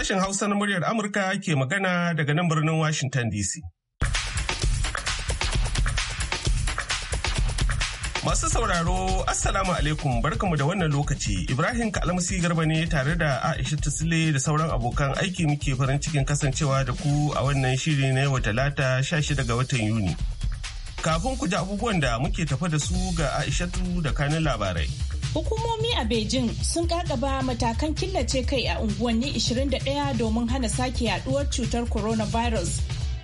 Sashen Hausa na muryar Amurka ke magana daga nan birnin Washington DC. Masu sauraro, Assalamu alaikum barkamu da wannan lokaci. Ibrahim Kalmasi Garba ne tare da Aisha Tisle da sauran abokan aiki muke farin cikin kasancewa da ku a wannan shiri na yau talata shida ga watan Yuni. Kafin ku ji abubuwan da muke tafa da su ga Aishatu da kanin labarai. Hukumomi a Beijing sun kakaba matakan killace kai a unguwanni 21 domin hana sake yaduwar cutar coronavirus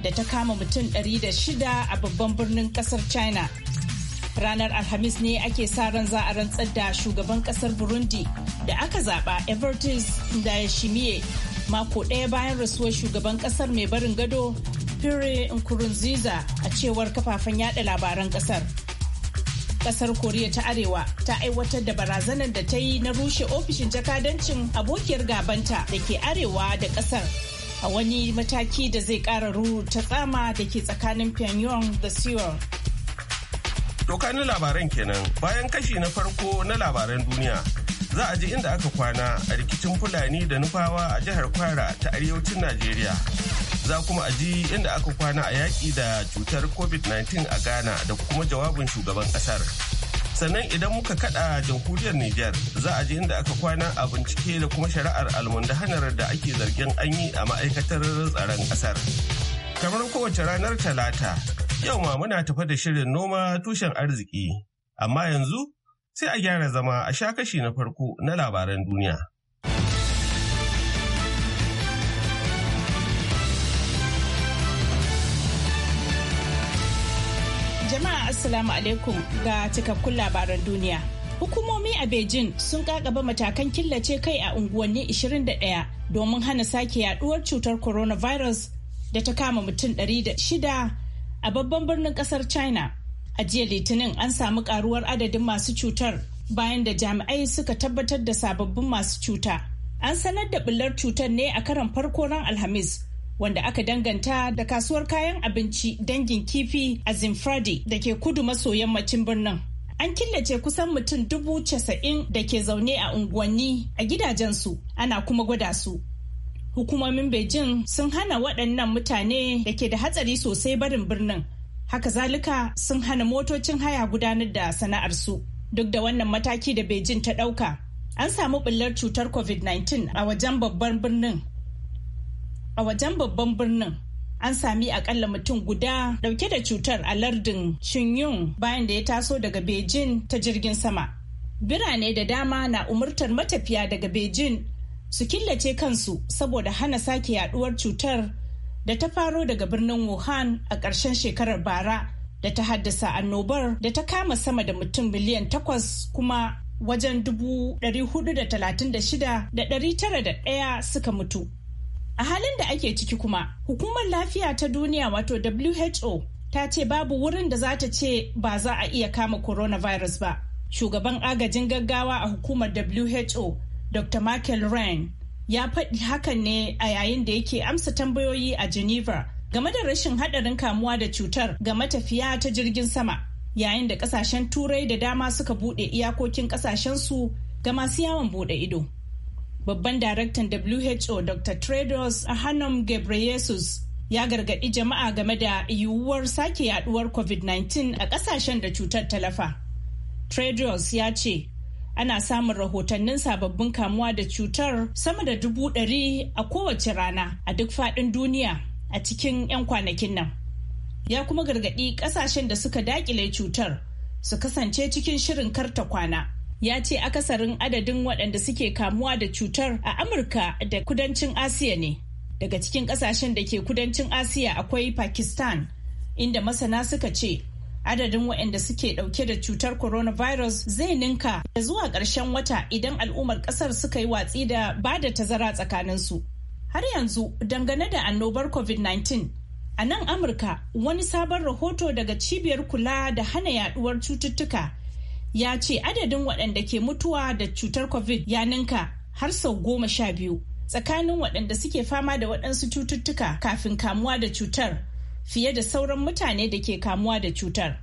da ta kama mutum 600 a babban birnin kasar China. Ranar Alhamis ne ake sa ran za a rantsar da shugaban kasar Burundi da aka zaba Evertis da Shimiye mako ɗaya bayan rasuwar shugaban kasar mai barin gado Pierre Nkurunziza a cewar kafafen yada labaran kasar. kasar koriya ta arewa ta aiwatar da barazanar da ta yi na rushe ofishin jakadancin abokiyar gabanta da ke arewa da kasar a wani mataki da zai kara ta tsama da ke tsakanin pyongyang da seoul doka na labaran kenan bayan kashi na farko na labaran duniya za a ji inda aka kwana a rikicin fulani da nufawa a jihar kwara ta arewacin najeriya za kuma a ji inda aka kwana a yaƙi da cutar covid-19 a ghana da kuma jawabin shugaban ƙasar sannan idan muka kada jamhuriyar niger za a ji inda aka kwana a bincike da kuma shari'ar almundahanar da ake zargin an yi a ma'aikatar tsaron ƙasar kamar kowace ranar talata yau ma muna tafa da shirin noma tushen arziki amma yanzu sai a gyara zama a sha kashi na farko na labaran duniya. Jama'a Assalamu alaikum ga cikakkun labaran duniya. Hukumomi a Beijing sun kakaba matakan killace kai a unguwanni 21 domin hana sake yaduwar cutar coronavirus da ta kama mutum 600 a babban birnin kasar China. A jiya Litinin an samu karuwar adadin masu cutar bayan da jami'ai suka tabbatar da sababbin masu cuta. An sanar da bullar cutar ne a karan farko ran Alhamis wanda aka danganta da kasuwar kayan abinci dangin kifi a Zimfradi da ke kudu maso yammacin birnin. An killace kusan mutum dubu casa'in da ke zaune a unguwanni a gidajensu ana kuma gwada su. Hukumomin Beijing sun hana waɗannan mutane da ke da hatsari sosai barin birnin. Haka zalika sun hana motocin haya gudanar da sana'arsu. Duk da wannan mataki da Beijing ta ɗauka, an samu ɓullar cutar COVID-19 a wajen babban birnin a wajen babban birnin an sami akalla mutum guda dauke da cutar a lardin Shinyun bayan da ya taso daga Beijing ta jirgin sama. Birane da dama na umurtar matafiya daga Beijing su killace kansu saboda hana sake yaduwar cutar da ta faro daga birnin Wuhan a ƙarshen shekarar bara da ta haddasa annobar da ta kama sama da mutum miliyan takwas kuma wajen dubu 436,901 suka mutu. A halin da ake ciki kuma, Hukumar Lafiya ta Duniya wato WHO ta ce babu wurin da za ta ce ba za a iya kama coronavirus ba. Shugaban agajin gaggawa a hukumar WHO, Dr. Michael Ryan, ya faɗi hakan ne a yayin da yake amsa tambayoyi a Geneva game da rashin haɗarin kamuwa da cutar ga matafiya ta jirgin sama, yayin da ƙasashen Turai da dama suka buɗe iyakokin su ga masu yawon buɗe ido. babban daraktan who dr tedros adhanom ghebreyesus ya gargaɗi jama'a game da yiwuwar sake yaduwar covid-19 a ƙasashen da cutar talafa tedros ya ce ana samun rahotannin sababbin kamuwa da cutar sama da dubu ɗari a kowace rana a duk faɗin duniya a cikin 'yan kwanakin nan ya kuma gargaɗi ƙasashen da suka daƙile cutar su kasance cikin shirin karta kwana ya ce akasarin adadin waɗanda suke kamuwa da cutar a amurka da kudancin asiya ne daga cikin ƙasashen da ke kudancin asiya akwai pakistan inda masana suka ce adadin waɗanda suke ɗauke da cutar coronavirus zai ninka da zuwa ƙarshen wata idan al'ummar ƙasar suka yi watsi da ba da tazara tsakaninsu har yanzu dangane da annobar covid-19 a nan amurka wani sabon rahoto daga cibiyar kula da hana yaduwar cututtuka ya ce adadin waɗanda ke mutuwa da cutar covid ya ninka har sau goma sha biyu tsakanin waɗanda suke fama da waɗansu cututtuka kafin kamuwa da cutar fiye da sauran mutane da ke kamuwa da cutar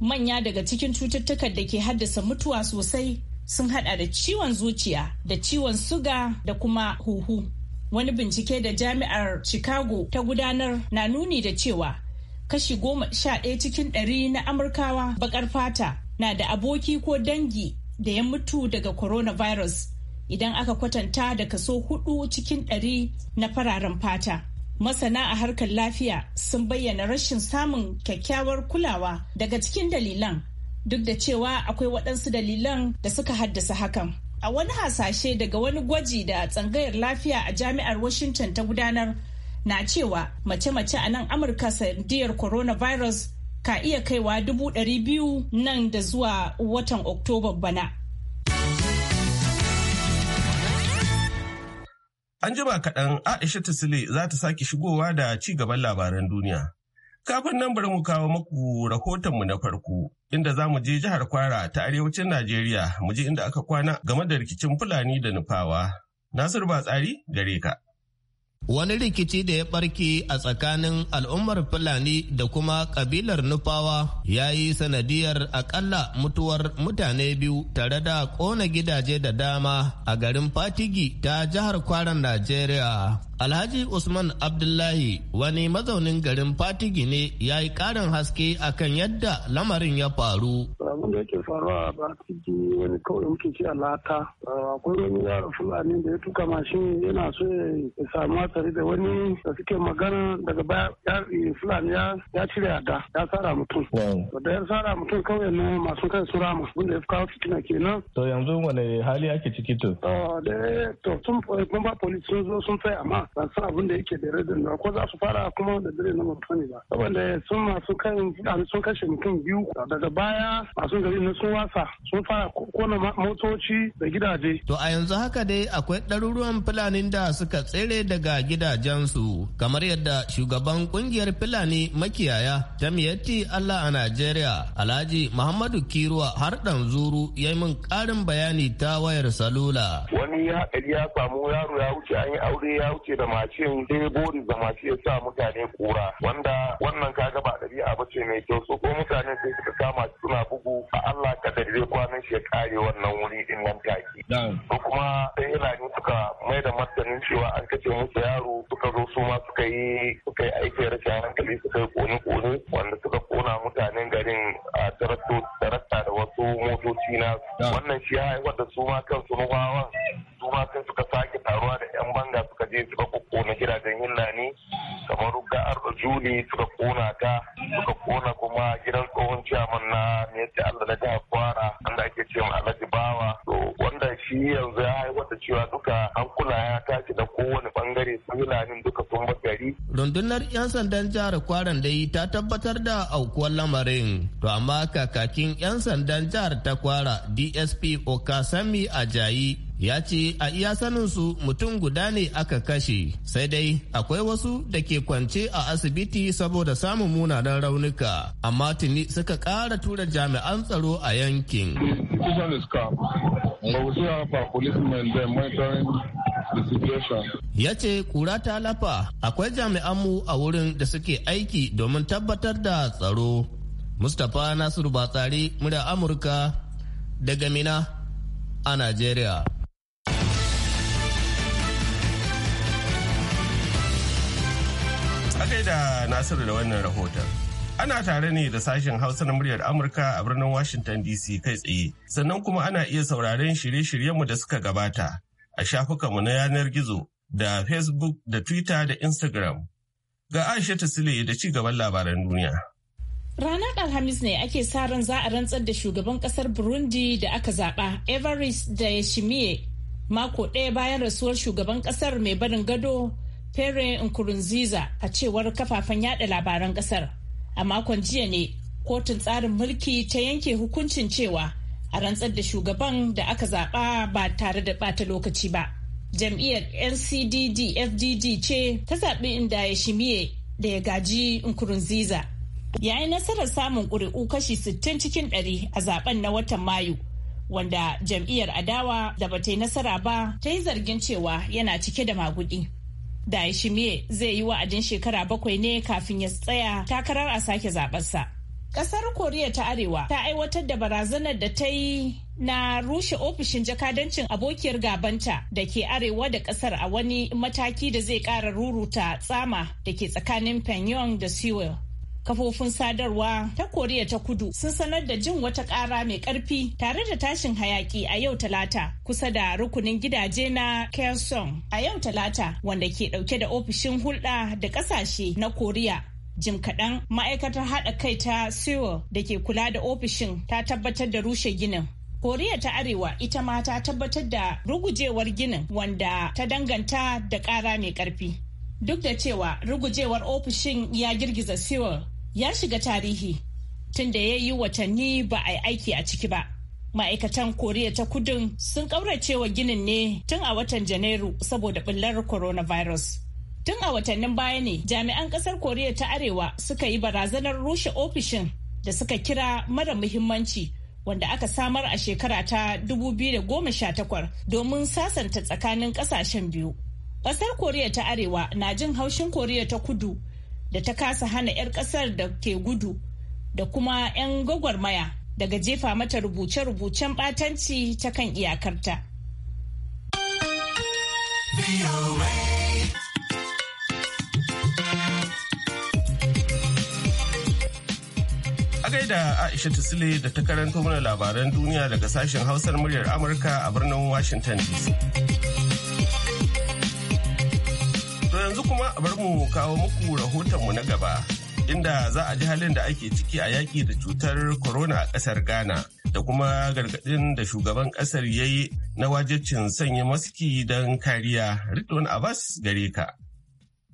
manya daga cikin cututtukan da ke haddasa mutuwa sosai sun hada da ciwon zuciya da ciwon suga da kuma huhu wani bincike da jami'ar chicago ta gudanar na nuni da cewa kashi goma sha ɗaya cikin ɗari na amurkawa baƙar fata na da aboki ko dangi da ya mutu daga coronavirus idan aka kwatanta da kaso hudu cikin ɗari na fararen fata. Masana a harkar lafiya sun bayyana rashin samun kyakkyawar kulawa daga cikin dalilan duk da cewa akwai waɗansu dalilan da suka haddasa hakan. A wani hasashe daga wani gwaji da tsangayar lafiya a jami'ar Washington ta gudanar na cewa mace-mace a nan Amurka sanadiyar coronavirus ka iya kaiwa dubu ɗari biyu nan da zuwa watan oktoba bana An jima kaɗan Aisha Sule za ta sake shigowa da ci gaban labaran duniya. Kafin nan bari mu kawo maku rahotonmu na farko, inda za mu je jihar Kwara ta arewacin Najeriya, mu je inda aka kwana game da rikicin Fulani da Nufawa. Nasiru tsari gare ka. Wani rikici da ya barki a tsakanin al'ummar Fulani da kuma kabilar Nufawa ya yi sanadiyar akalla mutuwar mutane biyu tare da kona gidaje da dama a garin Fatigi ta jihar Kwaran Najeriya. Alhaji Usman Abdullahi wani mazaunin garin Fatigi ne ya yi ƙarin haske akan yadda lamarin ya faru. abin da yake faruwa ba a barkiji wani kawai muke ce a lata eh, akwai wani yaro fulani da ya tuka mashin yana so ya samu hatsari da wani da suke magana daga baya fulani ya cire ada ya sara mutum da ya sara mutum kawai na masu kai su rama abin da ya kawo fitina kenan to yanzu wani hali ake ciki to da to sun ba police sun zo sun tsaya amma ban san abin da yake da radin da ko za su fara kuma da dare na mutum ne ba saboda sun masu kai sun kashe mutum biyu daga baya masu gari ne sun wasa sun fara kona motoci da gidaje. To a yanzu haka dai akwai ɗaruruwan Fulanin da suka tsere daga gidajensu kamar yadda shugaban ƙungiyar Fulani makiyaya ta Jamiyatti Allah a Najeriya Alhaji Muhammadu Kiruwa har ɗan zuru ya yi min ƙarin bayani ta wayar salula. Wani ya ya samu yaro ya wuce an yi aure ya wuce da macin dai bori da mashin ya sa mutane kura wanda wannan kaga ba ɗabi'a ba ce mai kyau so ko mutane sai suka kama suna bugu a Allah ka da zai kwanan shi ya kare wannan wuri din nan take. Ko kuma sai Fulani suka mai da martanin cewa an kace musu yaro suka zo su ma suka yi suka yi aikin rashin hankali suka yi kone-kone wanda suka kona mutanen garin a tarasta da wasu motoci na wannan shi ya haifar da su ma kansu nufawan su ma sai suka sake taruwa da yan banga suka je suka kokkona gidajen ne. kamar ga arba juli suka kona ta suka kona kuma gidan tsohon ciyaman na nesa da Allah na jihar Kwara wanda ake cewa Alhaji Bawa to wanda shi yanzu ya aiwata cewa duka hankula ya tashi da kowane bangare fulanin duka sun gari. Rundunar 'yan sandan jihar Kwaran dai ta tabbatar da aukuwar lamarin to amma kakakin 'yan sandan jihar ta Kwara DSP Okasami Ajayi ya ce a iya saninsu mutum guda ne aka kashe sai dai akwai wasu da ke kwance a asibiti saboda samun munanan raunuka amma tuni suka ƙara tura jami'an tsaro a yankin ya ce kura ta lafa akwai jami'an mu a wurin da suke aiki domin tabbatar da tsaro mustapha nasiru batsari murya amurka daga mina a najeriya gaida Nasiru da wannan rahoton. Ana tare ne da sashen Hausa na muryar Amurka a birnin Washington DC kai tsaye, sannan kuma ana iya sauraron shirye-shiryenmu da suka gabata a mu na yanar gizo da Facebook da Twitter da Instagram. Ga Aisha Sile da ci gaban labaran duniya. Ranar Alhamis ne ake sa ran za a rantsar da shugaban kasar Burundi da aka zaba Evariste da Yashimiye mako ɗaya bayan rasuwar shugaban kasar mai barin gado Pere Nkurunziza a cewar kafafen yada labaran kasar. A makon jiya ne kotun tsarin mulki ta yanke hukuncin cewa a rantsar da shugaban da aka zaba ba tare da bata lokaci ba. Jam'iyyar NCDD FDD ce ta zaɓi inda ya shimiye da ya gaji Nkurunziza. Ya nasarar samun ƙuri'u kashi 60 cikin 100 a zaben na watan Mayu. wanda jam'iyyar adawa da ba ta yi nasara ba ta yi zargin cewa yana cike da maguɗi. da Ishimiye zai yi wa'adin shekara bakwai ne kafin ya tsaya takarar a sake zaɓarsa. Ƙasar Koriya ta Arewa ta aiwatar da barazanar da ta yi na rushe ofishin jakadancin abokiyar gabanta da ke arewa da kasar a wani mataki da zai ƙara ruruta tsama da ke tsakanin Pyongyang da Seoul. kafofin sadarwa ta koriya ta kudu sun sanar da jin wata ƙara mai ƙarfi tare da tashin hayaki a yau talata kusa da rukunin gidaje na kyansong a yau talata wanda ke ɗauke da ofishin hulɗa da ƙasashe na koriya jim kaɗan ma'aikatar haɗa kai ta sewell da ke kula da ofishin ta tabbatar da rushe ginin koriya ta arewa ita ma ta tabbatar da rugujewar ginin wanda ta danganta da ƙara mai ƙarfi duk da cewa rugujewar ofishin ya girgiza sewell ya shiga tarihi tunda ya yi watanni ba a yi aiki a ciki ba. Ma'aikatan Koriya ta kudin sun wa ginin ne tun a watan Janairu saboda ɓullar coronavirus. Tun a watannin baya ne jami'an ƙasar Koriya ta Arewa suka yi barazanar rushe ofishin da suka kira mara muhimmanci wanda aka samar a shekara ta 2018 domin sasanta tsakanin ƙasashen biyu. Ƙasar Koriya ta Arewa na jin haushin Koriya ta Kudu da ta kasa hana 'yar kasar da ke gudu da kuma 'yan gwagwarmaya daga jefa mata rubuce-rubucen batanci ta kan iyakarta. A gaida Aisha Sule da ta karanto mana labaran duniya daga sashen hausar muryar Amurka a birnin Washington DC. kuma a bar mu kawo muku rahotonmu na gaba inda za a ji halin da ake ciki a yaƙi da cutar corona a ƙasar Ghana da kuma gargaɗin da shugaban ƙasar ya yi na wajibcin sanya maski don kariya. Ridwan Abbas gare ka.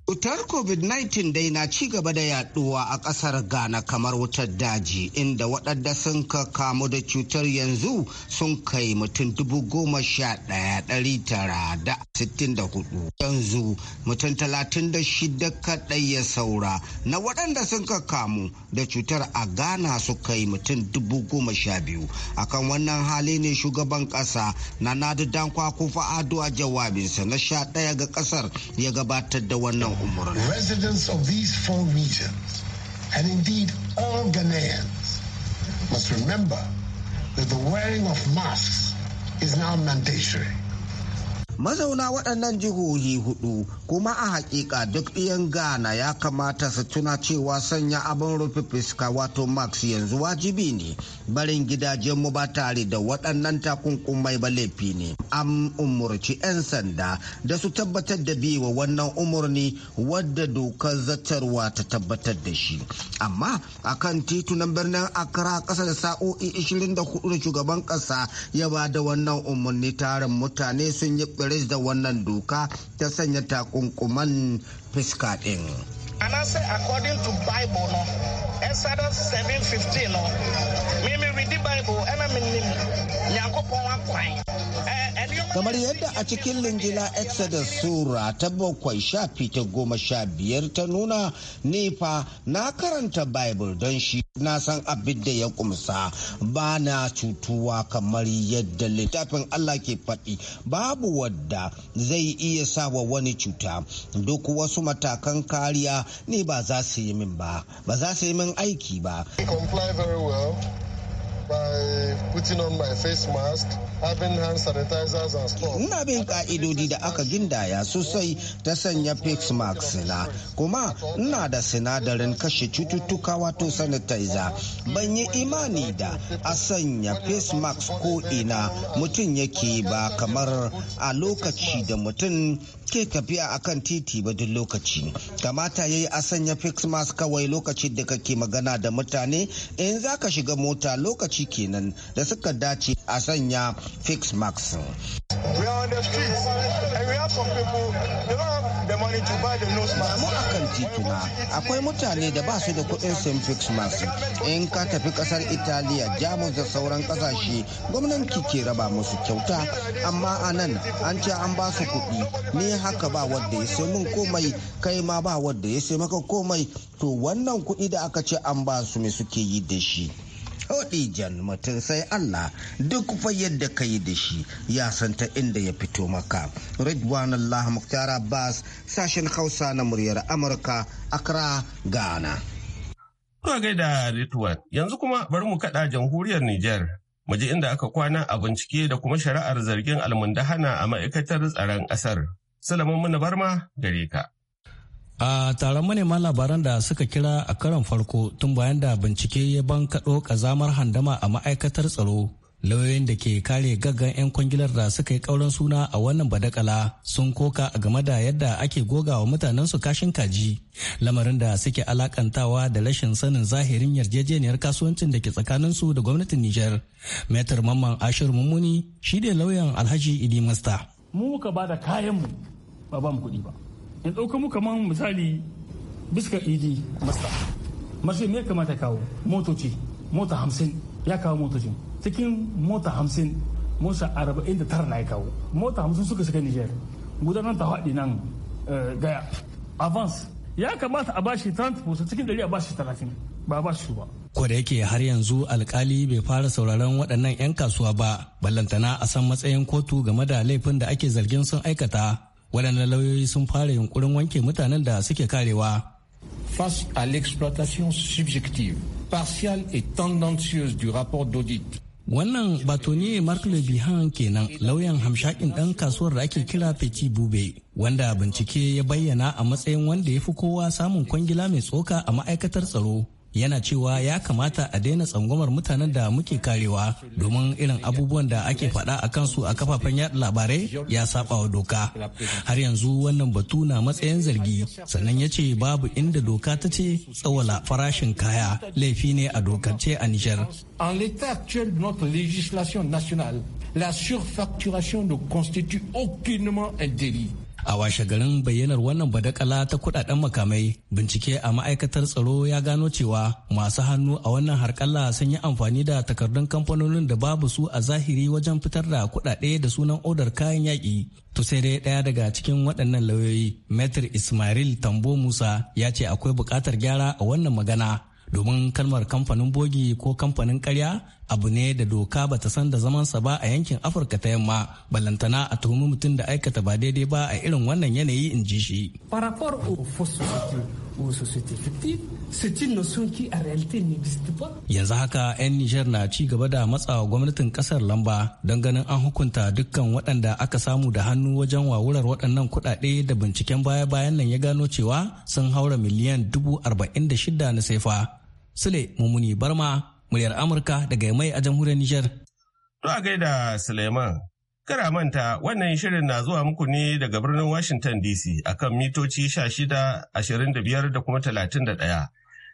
Cutar COVID-19 dai na ci gaba da yaduwa a ƙasar Ghana kamar wutar daji inda waɗanda sun ka kamu da cutar yanzu sun kai mutum dubu goma sha ɗaya ɗari tara da sittin da hudu. Yanzu mutum talatin da shida kaɗai ya saura na waɗanda sun ka kamu da cutar a Ghana su kai mutum dubu goma sha biyu. Akan wannan hali ne shugaban ƙasa na Nadu Dankwa Kufa Ado a jawabinsa na sha ɗaya ga ƙasar ya gabatar da wannan Residents of these four regions, and indeed all Ghanaians, must remember that the wearing of masks is now mandatory. mazauna waɗannan jihohi hudu kuma a hakika duk ɗiyan ghana ya kamata su tuna cewa sanya abin rufe fuska wato max yanzu wajibi ne barin gidajenmu ba tare da waɗannan takunkumai ba laifi ne an umurci 'yan sanda da su tabbatar da biyewa wannan umarni wadda dokar zatarwa ta tabbatar da shi amma a kan titunan birnin accra ƙasa da sa'o'i 24 da shugaban ƙasa ya ba da wannan umarni tarin mutane sun yi biris da wannan doka ta sanya takunkuman fiska ɗin. And I say according to Bible no, Exodus 7:15 no, me me read the Bible and I mean Nyankopon akwan. Eh, kamar yadda a cikin lingila exodus sura ta bakwai shafi ta goma sha biyar ta nuna nefa na karanta bible don shi na san abin da ya kumsa ba na cutuwa kamar yadda littafin allah ke faɗi babu wadda zai iya sawa wani cuta duk wasu matakan kariya ne ba za su yi min ba ba za su yi min aiki ba by putting on my face mask, having bin ka'idodi da aka gindaya sosai ta sanya face mask na, kuma ina da sinadarin kashe cututtuka wato sanitizer. Ban yi imani da a sanya face mask ko ina mutum yake ba kamar a lokaci da mutum ke tafiya akan titi ba duk lokaci kamata ya yi a sanya fix mask kawai lokacin da kake magana da mutane in za ka shiga mota lokaci kenan da suka dace a sanya fix mask Mu a kan tituna akwai mutane da ba su da kuɗin sun fix mask in ka tafi kasar Italiya, Jamus da sauran kasashe gwamnati ke raba musu kyauta amma anan an ce an ba su kuɗi ni haka ba wanda ya sai mun komai kai ma ba wanda ya sai maka komai to wannan kuɗi da aka ce an ba su me suke yi da shi Hoɗi jan mutum sai Allah duk fa yadda ka yi da shi ya san ta inda ya fito maka. Ridwan Allah Mukhtar Abbas sashen Hausa na muryar Amurka Accra Ghana. To gaida Ridwan yanzu kuma bari mu kaɗa jamhuriyar Nijar. Mu ji inda aka kwana a bincike da kuma shari'ar zargin almundahana a ma'aikatar tsaron ƙasar. Salamun Muna Barma gare ka. A taron manema labaran da suka kira a karon farko tun bayan da bincike ya ban kaɗo ƙazamar handama a ma'aikatar tsaro lauyoyin da ke kare gaggan 'yan kwangilar da suka yi kauran suna a wannan badakala sun koka a game da yadda ake gogawa mutanen su kashin kaji lamarin da suke alakantawa da rashin sanin zahirin yarjejeniyar kasuwancin da ke tsakanin su da gwamnatin Nijar. Metar Mamman Ashir Mummuni shi ne lauyan Alhaji Idi Masta. mu muka ba da kayanmu ba ba mu kuɗi ba in ɗauka mu kamar misali biskar idi masa masu me kamata kawo motoci mota hamsin ya kawo motocin cikin mota hamsin mota arba'in da tara na ya kawo mota hamsin suka shiga niger gudanar ta haɗi nan eh, gaya avance ya kamata a bashi 30% cikin 100 a bashi 30 ba ba su ba ko da yake har yanzu alkali bai fara sauraron waɗannan 'yan kasuwa ba ballantana a san matsayin kotu game da laifin da ake zargin sun aikata waɗannan lauyoyi sun fara yunkurin wanke mutanen da suke karewa face à l'exploitation subjective partiale et tendancieuse du rapport d'audit wannan batoni mark lebihan kenan lauyan hamshakin ɗan kasuwar da ake kira Peti bube wanda bincike ya bayyana a matsayin wanda ya fi kowa samun kwangila mai tsoka a ma'aikatar tsaro yana cewa ya kamata a daina tsangwamar mutanen da muke karewa domin irin abubuwan da ake faɗa a kansu a kafafen yaɗa labarai ya saba wa doka har yanzu wannan batu na matsayin zargi sannan ya ce babu inda doka ta ce tsawala farashin kaya laifi ne a dokance a nijar La surfacturation ne constitue aucunement un délit. a washe garin bayyanar wannan badakala ta kudaden makamai bincike a ma'aikatar tsaro ya gano cewa masu hannu a wannan harkalla sun yi amfani da takardun kamfanonin da babu su a zahiri wajen fitar da kudade da sunan odar kayan yaƙi to sai dai ɗaya daga cikin waɗannan lauyoyi metr ismail tambo musa ya ce akwai buƙatar gyara a wannan magana domin kalmar kamfanin bogi ko kamfanin karya abu ne da doka ba ta san da zamansa ba a yankin afirka ta yamma balantana a tuhumi mutum da aikata ba daidai ba a irin wannan yanayi in ji shi yanzu haka 'yan nijar na ci gaba da matsawa gwamnatin kasar lamba don ganin an hukunta dukkan waɗanda aka samu da hannu wajen wawurar waɗannan kuɗaɗe da binciken baya-bayan nan ya gano cewa sun haura miliyan dubu arba'in da shida na saifa sule mummuni barma muryar Amurka daga mai a jamhuriyar Nijar. To a gaida Suleiman, kara manta wannan shirin na zuwa muku ne daga birnin Washington DC akan mitoci 16, 25 da kuma 31.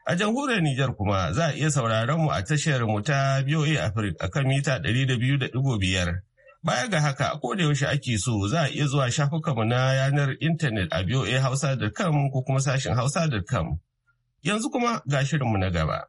A jamhuriyar Nijar kuma za a iya sauraron mu a tashar mu ta BOA Africa akan mita 200.5. Baya ga haka ko da yaushe ake so za a iya zuwa shafukanmu na yanar intanet a hausa.com ko kuma sashin hausa.com. Yanzu kuma ga shirinmu na gaba.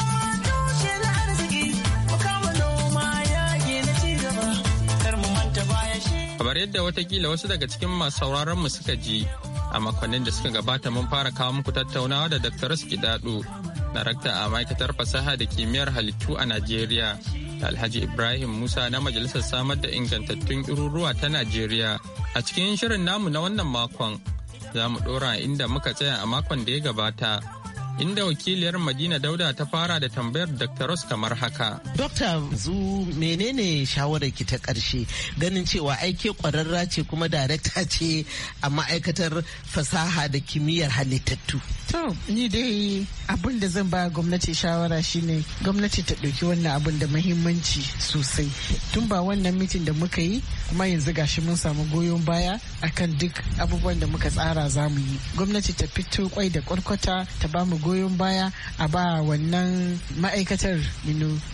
yadda watakila wasu daga cikin masu sauraron mu suka ji a makonnin da suka gabata mun fara kawo muku tattaunawa da Dr. na rakta a ma'aikatar fasaha da kimiyyar halittu a Najeriya, Alhaji Ibrahim Musa na Majalisar Samar da Ingantattun Iruruwa ta Najeriya. A cikin shirin namu na wannan makon, za mu ɗora inda muka tsaya a makon da ya gabata. inda wakiliyar Madina Dauda ta fara da tambayar Dr. Ross kamar haka. Dokta zu menene shawarar ki ta ƙarshe ganin cewa aike ƙwararra ce kuma darakta ce a ma'aikatar fasaha da kimiyyar halittattu. To, ni dai abin da zan ba gwamnati shawara shine gwamnati ta ɗauki wannan abin da muhimmanci sosai. Tun ba wannan mitin da muka yi kuma yanzu gashi mun samu goyon baya akan duk abubuwan da muka tsara za mu yi. Gwamnati ta fito kwai da kwarkwata ta ba mu goyon baya a ba wannan ma'aikatar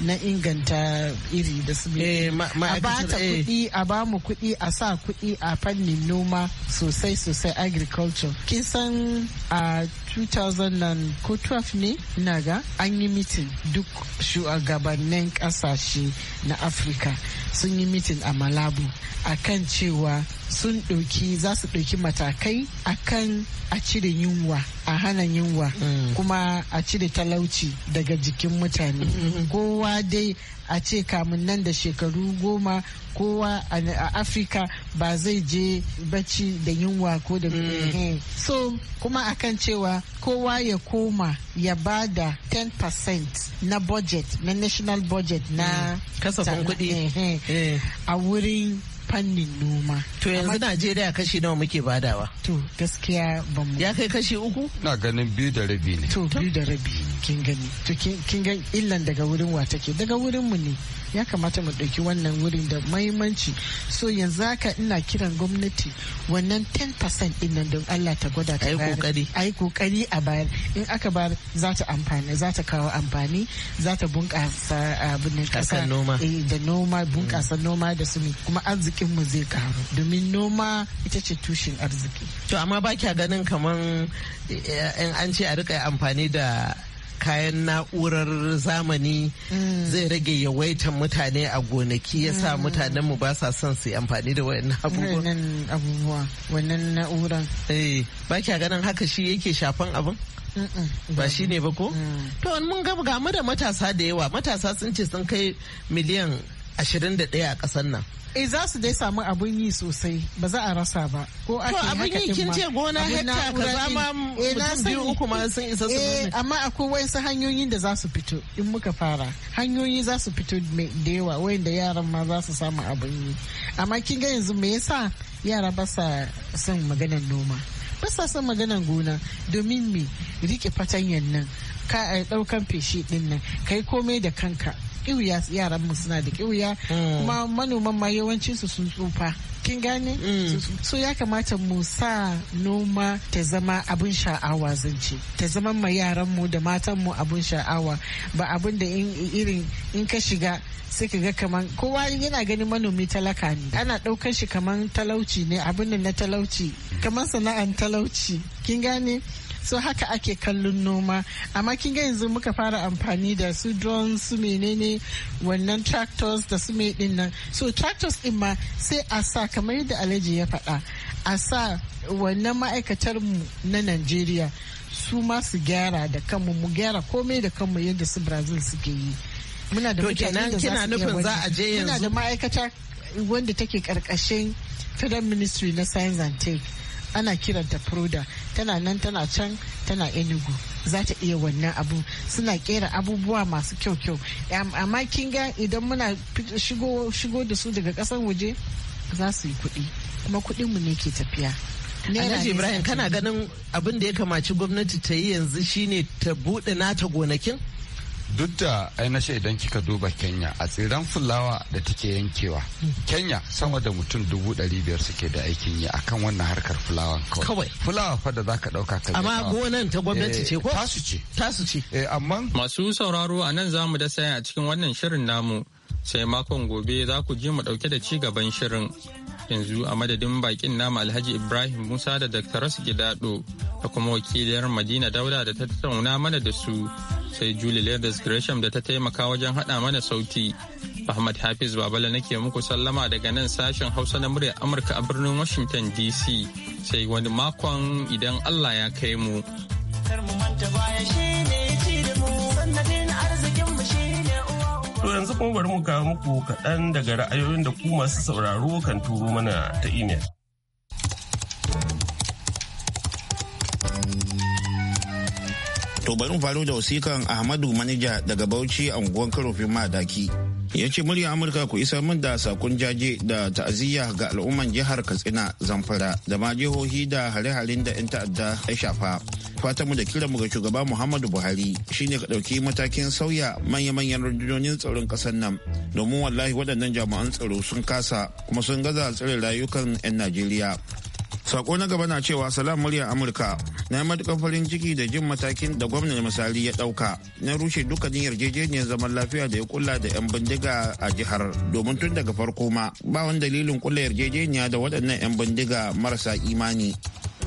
na inganta iri da su eh, a ba ta eh. kuɗi a ba mu kuɗi a sa kuɗi a fannin noma sosai sosai agriculture kin san a ah, 2000 ko 12 ne na ga an yi mitin duk shugabannin kasashe na afirka sun yi mitin a malabu kan cewa sun ɗauki za su ɗauki matakai a kan a cire yunwa a hana yunwa mm. kuma a cire talauci daga jikin mutane mm-hmm. kowa dai a ce kamun nan da shekaru goma kowa a afirka ba zai je bacci da yunwa ko da mm. so kuma akan cewa kowa ya koma ya ba da 10% na budget na national budget na mm. kasafin kuɗi eh. a wurin fannin noma. To yanzu Najeriya kashi nawa muke badawa? To gaskiya ban Ya kai kashi uku? Na ganin biyu da rabi ne. To biyu da rabi kin gani. To kin gan illan daga wurin wa take daga wurin mu ne. Ya kamata mu ɗauki wannan wurin da mahimmanci. So yanzu haka ina kiran gwamnati wannan 10% ɗin nan don Allah ta gwada ta bayar. kokari. Ai kokari a bayar. In aka bayar za ta amfani za ta kawo amfani za ta bunƙasa ah, abin da noma. Eh, da noma bunƙasa noma da su kuma arziki mu zai karu domin noma ita ce tushen arziki to amma ba kya ganin kaman eh, in an ce a rika amfani da kayan na'urar zamani mm. zai rage yawaitan mutane a gonaki ya sa mm. mutanen mu ba sa son su amfani da wani abubuwa wannan na'uran eh ba kya ganin haka shi yake shafan abin ba shi ne ba ko mm. to mun ga mu da matasa da yawa matasa sun ce sun kai miliyan Ashirin da ɗaya a kasar nan e za su dai samu abun yi sosai ba za a rasa ba ko ake haka abun yi kin ce gona hekta ka zama eh, mutum biyu uku ma sun isa su eh, amma akwai wasu hanyoyin da za su fito in muka fara hanyoyi za su fito da yawa wayanda yaran ma za su samu abun yi amma kin ga yanzu me yasa yara ba sa son maganar noma ba sa son maganar gona domin me rike fatanyan nan ka ɗaukan feshi ɗin nan kai komai da kanka kiwiya yaran mu suna da kiwiya hmm. kuma manoman ma yawancin su sun tsufa kin gane hmm. so ya kamata mu sa noma ta zama abin sha'awa zance ta zama ma yaran mu da matan mu abin sha'awa ba abin da irin in ka shiga sai ka ga kaman kowa yana ganin manomi talaka ne ana ɗaukar shi kaman talauci ne abin na talauci kaman sana'an talauci kin gane so haka ake kallon noma amma kin ga yanzu muka fara amfani da su drones su menene wannan tractors da su mai din nan so tractors din ma sai a sa kamar yadda alhaji ya faɗa a sa wannan ma'aikatar mu na Najeriya su ma su gyara da kanmu mu gyara komai da kanmu yadda su Brazil suke yi muna da mutane nufin za a je yanzu muna da ma'aikata wanda take karkashin federal ministry na science and tech ana kiranta proda tana nan tana can tana enugu za ta iya wannan abu suna kera abubuwa masu kyau kyau amma kin ga idan muna shigo da su daga kasan waje za su yi kuɗi kuma kuɗin ne ke tafiya Alhaji Ibrahim kana ganin abin da ya kamaci gwamnati ta yi yanzu shine ta buɗe nata gonakin? duk da ainihin idan kika duba kenya a tsiran fulawa da take yankewa kenya sama da mutum dubu ɗari biyar suke da aikin yi akan wannan harkar fulawan kawai fulawa fa da zaka ɗauka ka amma gonan ta gwamnati ce eh, ko tasu ce tasu ce eh, amma masu sauraro a nan zamu da saya a cikin wannan shirin namu sai makon gobe za ku ji mu ɗauke da ci gaban shirin yanzu a madadin bakin nama alhaji ibrahim musa da daktaras dado da kuma wakiliyar madina dauda da ta tattauna mana da su sai julie leathers gresham da ta taimaka wajen hada mana sauti ahmad hafiz babala nake muku sallama daga nan sashen hausa na muryar amurka a birnin washington dc sai wani makon idan allah ya kai mu. To yanzu kuma bari mu kawo muku kaɗan daga ra'ayoyin da ku masu sauraro kan turo mana ta imel. To bari mu faru da wasikan Ahmadu Manija daga Bauchi a unguwar Karofin Madaki. ya ce murya amurka ku isar min da sakon jaje da ta'aziyya ga al'umman jihar katsina zamfara da ma jihohi da hare-haren da 'yan ta'adda ya shafa fatanmu da kiranmu ga shugaba muhammadu buhari shine ka ɗauki matakin sauya manya-manyan rundunonin tsaron ƙasar nan domin wallahi waɗannan jami'an tsaro sun kasa kuma sun gaza tsare rayukan 'yan najeriya sako na gaba na cewa salam murya amurka na matukar farin ciki da jin matakin da gwamnan misali ya dauka na rushe duka dukkanin yarjejeniyar zaman lafiya da ya kulla da yan bindiga a jihar domin tun daga farko ma ba wani dalilin kula yarjejeniya da waɗannan yan bindiga marasa imani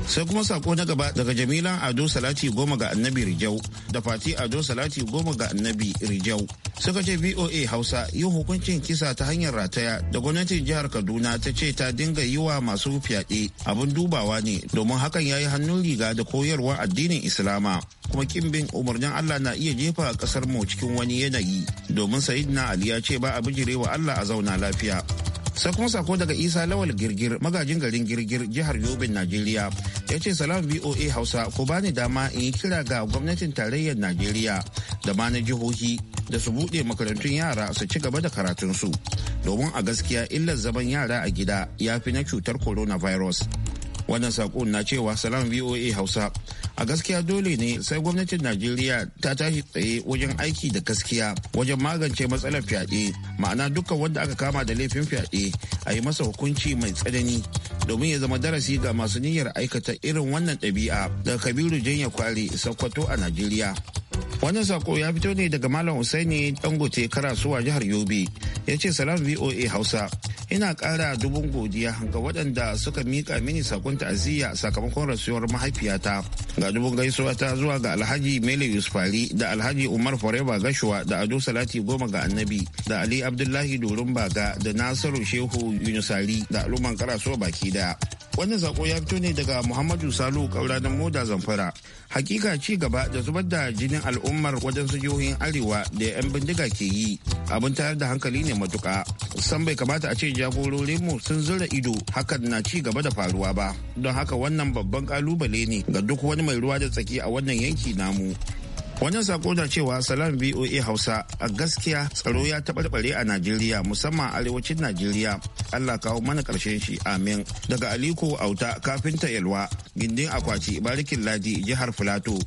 sai kuma sako na gaba daga jamila ado salati goma ga annabi rijau da fati ado salati goma ga annabi rijau suka ce voa hausa yin hukuncin kisa ta hanyar rataya da gwamnatin jihar kaduna ta ce ta dinga yi wa masu fyaɗe abin dubawa ne domin hakan ya yi hannun riga da koyarwa addinin islama kuma kimbin umarnin allah na iya jefa kasar mu cikin wani yanayi domin sayid na ali ya ce ba a wa allah a zauna lafiya sakon sako daga isa lawal girgir magajin garin girgir jihar yobin najeriya ya ce salam voa hausa ko bani dama in yi kira ga gwamnatin tarayyar najeriya da ma na jihohi da su buɗe makarantun yara su ci gaba da karatunsu domin a gaskiya illar zaman yara a gida ya fi na cutar coronavirus wannan sakon na cewa salam voa hausa a gaskiya dole ne sai gwamnatin najeriya ta tashi tsaye wajen aiki da gaskiya wajen magance matsalar fyaɗe ma'ana dukkan wanda aka kama da laifin fyaɗe a yi masa hukunci mai tsanani domin ya zama darasi ga masu niyyar aikata irin wannan ɗabi'a daga kabiru janya kwari sokoto a najeriya wannan sako ya fito ne daga malam usaini dangote karasuwa jihar yobe ya ce salam voa hausa ina kara dubun godiya ga waɗanda suka mika mini sakon ta'aziyya sakamakon rasuwar mahaifiyata ga dubun gaisuwa ta zuwa ga alhaji mele yusufari da alhaji umar foreba gashuwa da ado salati goma ga annabi da ali abdullahi dorin baga da nasiru shehu yunusari da aluman karasuwa baki daya wannan sako ya fito ne daga muhammadu salu kaura na moda zamfara hakika ci gaba da zubar da jinin al'ummar wajen jihohin arewa da 'yan bindiga ke yi abin tayar da hankali ne matuka san bai kamata a ce jagororinmu sun zura ido hakan na ci gaba da faruwa ba don haka wannan babban kalubale ne ga duk wani mai ruwa da tsaki a wannan yanki namu wannan sako na cewa salam voa hausa a gaskiya tsaro ya taɓarɓare a najeriya musamman arewacin najeriya allah kawo mana karshen shi amin daga aliko auta kafinta yalwa gindin akwati barikin ladi jihar filato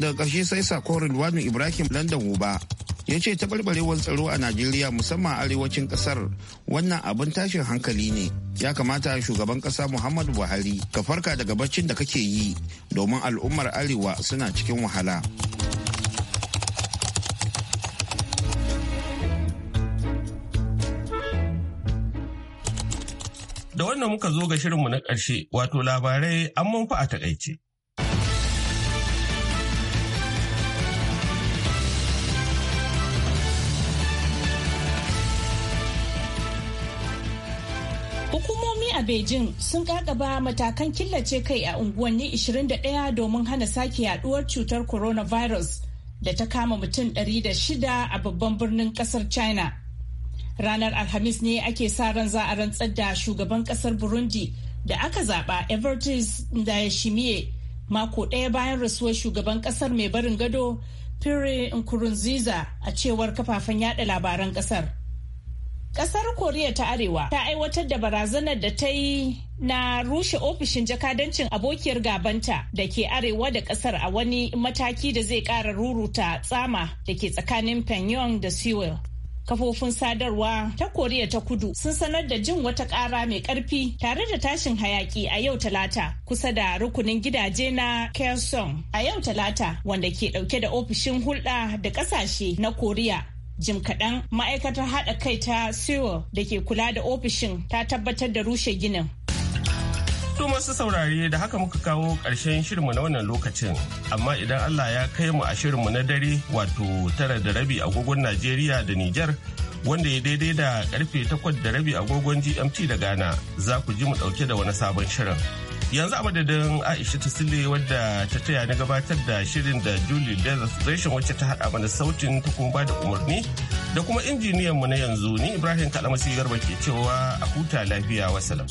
daga karshe sai sako rilwanu ibrahim london uba ya ce taɓarɓarewar tsaro a najeriya musamman arewacin ƙasar wannan abin tashin hankali ne ya kamata shugaban ƙasa muhammadu buhari ka farka daga baccin da kake yi domin al'ummar arewa suna cikin wahala Da wannan muka zo ga shirinmu na ƙarshe wato labarai an manfa a takaice. Hukumomi a Beijing sun kakaba matakan killace kai a unguwanni 21 domin hana sake yaduwar cutar coronavirus da ta kama mutum 600 a babban birnin kasar China. ranar alhamis ne ake sa ran za a rantsar da shugaban kasar burundi da aka zaba evertis da ya shimiye mako ɗaya bayan rasuwar shugaban kasar mai barin gado Pierre nkurunziza a cewar kafafen yada labaran kasar kasar koriya ta arewa ta aiwatar da barazanar da ta yi na rushe ofishin jakadancin abokiyar gabanta da ke arewa da kasar a wani mataki da zai ƙara ruruta tsama da ke tsakanin pyongyang da seoul kafofin sadarwa ta koriya ta kudu sun sanar da jin wata ƙara mai ƙarfi tare da tashin hayaki a yau talata kusa da rukunin gidaje na kelson a yau talata wanda ke ɗauke da ofishin hulɗa da ƙasashe na koriya jim kaɗan ma'aikatar haɗa kai ta sewell da ke kula da ofishin ta tabbatar da rushe ginin To masu saurare da haka muka kawo ƙarshen shirinmu na wannan lokacin, amma idan Allah ya kai mu a shirinmu na dare wato tara da rabi agogon Najeriya da Nijar wanda ya daidai da karfe takwas da rabi agogon GMT da Ghana za ku ji mu ɗauke da wani sabon shirin. Yanzu a madadin Aisha Sule wadda ta taya na gabatar da shirin da Julie Leathers Gresham wacce ta haɗa mana sautin ta kuma ba da umarni da kuma injiniyanmu na yanzu ni Ibrahim Kalamasi Garba ke cewa a huta lafiya wasalam.